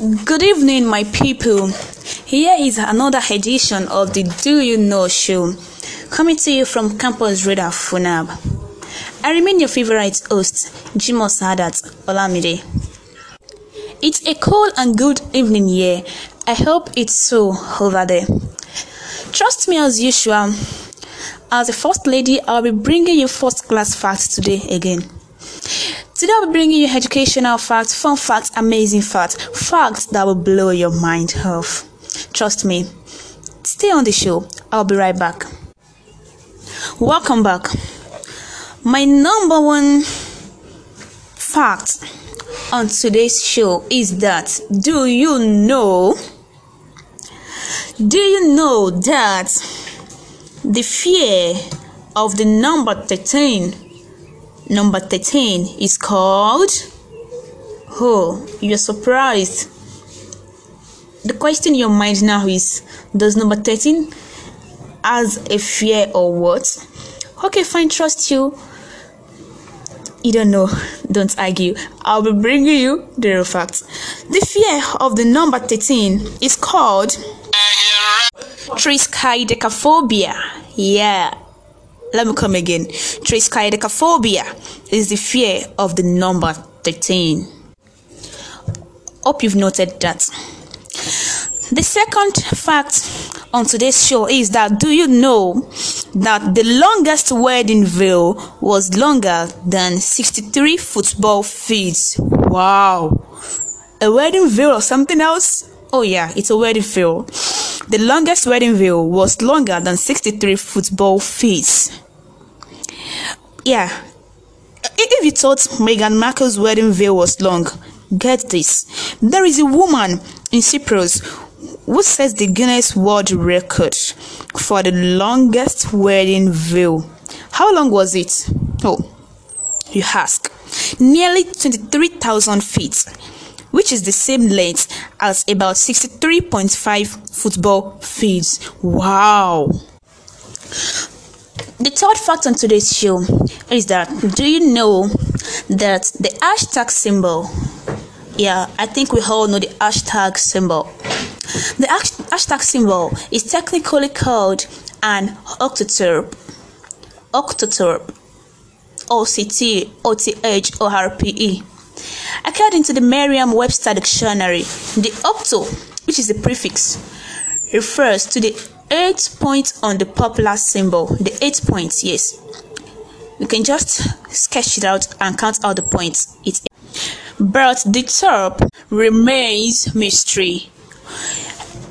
Good evening, my people. Here is another edition of the Do You Know Show, coming to you from Campus Radar Funab. I remain your favorite host, Jimo Sadat Olamide. It's a cold and good evening here. I hope it's so over there. Trust me as usual. As a first lady, I'll be bringing you first class facts today again. Today I'll be bringing you educational facts, fun facts, amazing facts, facts that will blow your mind off. Trust me. Stay on the show. I'll be right back. Welcome back. My number one fact on today's show is that do you know do you know that the fear of the number 13 Number 13 is called Oh, you're surprised. The question in your mind now is Does number 13 has a fear or what? Okay, fine, trust you. You don't know, don't argue. I'll be bringing you the real facts. The fear of the number 13 is called triskaidekaphobia. Yeah, let me come again. Triskaidekaphobia is the fear of the number 13. Hope you've noted that. The second fact on today's show is that do you know that the longest wedding veil was longer than 63 football fields? Wow! A wedding veil or something else? Oh, yeah, it's a wedding veil. The longest wedding veil was longer than 63 football fields. Yeah. If you thought Meghan Markle's wedding veil was long, get this. There is a woman in Cyprus who sets the Guinness World Record for the longest wedding veil. How long was it? Oh, you ask. Nearly 23,000 feet, which is the same length as about 63.5 football fields. Wow! The third fact on today's show is that do you know that the hashtag symbol? Yeah, I think we all know the hashtag symbol. The hashtag symbol is technically called an octoturb. Octoturb. O C T O T H O R P E. According to the Merriam Webster Dictionary, the octo, which is a prefix, refers to the eight points on the popular symbol. The eight points, yes. You can just sketch it out and count out the points. It, but the top remains mystery.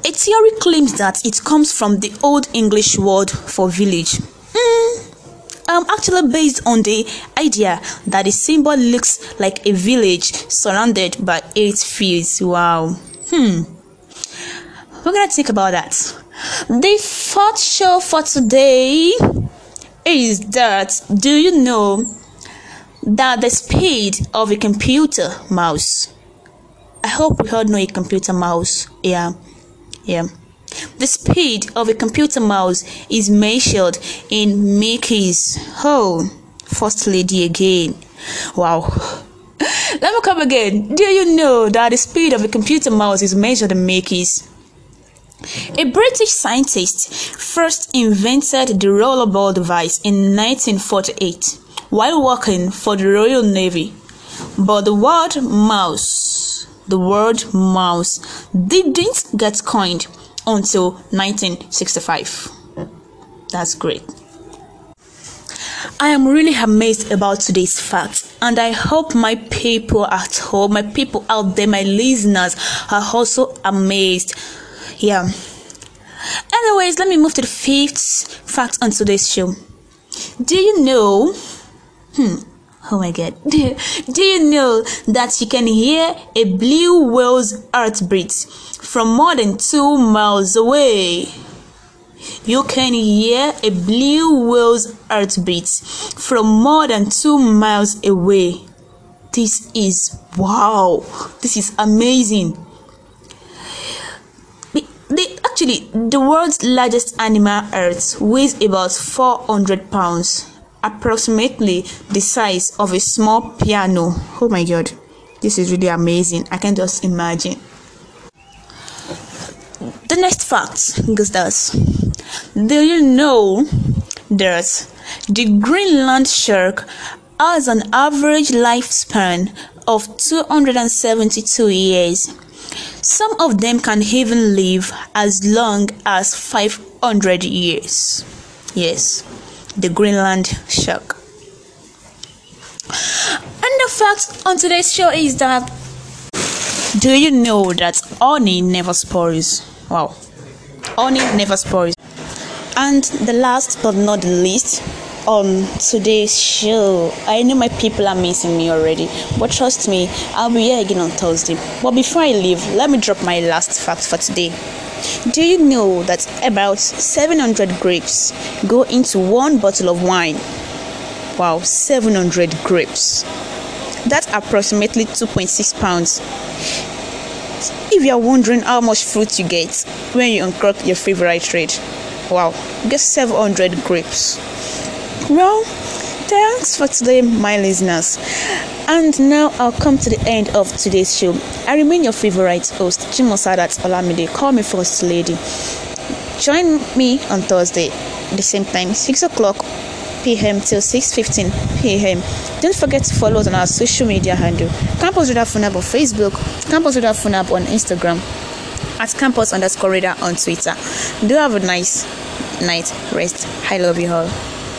A theory claims that it comes from the Old English word for village. Mm, um, actually, based on the idea that the symbol looks like a village surrounded by eight fields. Wow. Hmm. We're gonna think about that. The fourth show for today is that do you know that the speed of a computer mouse? I hope we all know a computer mouse. Yeah, yeah. The speed of a computer mouse is measured in Mickey's. Oh, first lady again. Wow. Let me come again. Do you know that the speed of a computer mouse is measured in Mickey's? A British scientist first invented the rollerball device in 1948 while working for the Royal Navy. But the word mouse, the word mouse didn't get coined until 1965. That's great. I am really amazed about today's fact, and I hope my people at home, my people out there, my listeners are also amazed yeah anyways let me move to the fifth fact on today's show do you know hmm oh my god do you know that you can hear a blue whale's heartbeat from more than two miles away you can hear a blue whale's heartbeat from more than two miles away this is wow this is amazing Actually, the world's largest animal, Earth, weighs about 400 pounds, approximately the size of a small piano. Oh my god, this is really amazing. I can just imagine. The next fact goes thus Do you know that the Greenland shark has an average lifespan of 272 years? Some of them can even live as long as 500 years. Yes, the Greenland shark. And the fact on today's show is that do you know that Oni never spoils? Wow. Oni never spoils. And the last but not the least, on today's show. I know my people are missing me already, but trust me, I'll be here again on Thursday. But before I leave, let me drop my last fact for today. Do you know that about 700 grapes go into one bottle of wine? Wow, 700 grapes. That's approximately 2.6 pounds. If you're wondering how much fruit you get when you uncork your favorite trade, wow, you get 700 grapes. Well, thanks for today, my listeners. And now I'll come to the end of today's show. I remain your favorite host, Jimo Sadat Olamide. Call me First Lady. Join me on Thursday, the same time, 6 o'clock p.m. till 6.15 p.m. Don't forget to follow us on our social media handle, Campus Radar Funab on Facebook, Campus Radar Funab on Instagram, at Campus underscore Radar on Twitter. Do have a nice night rest. I love you all.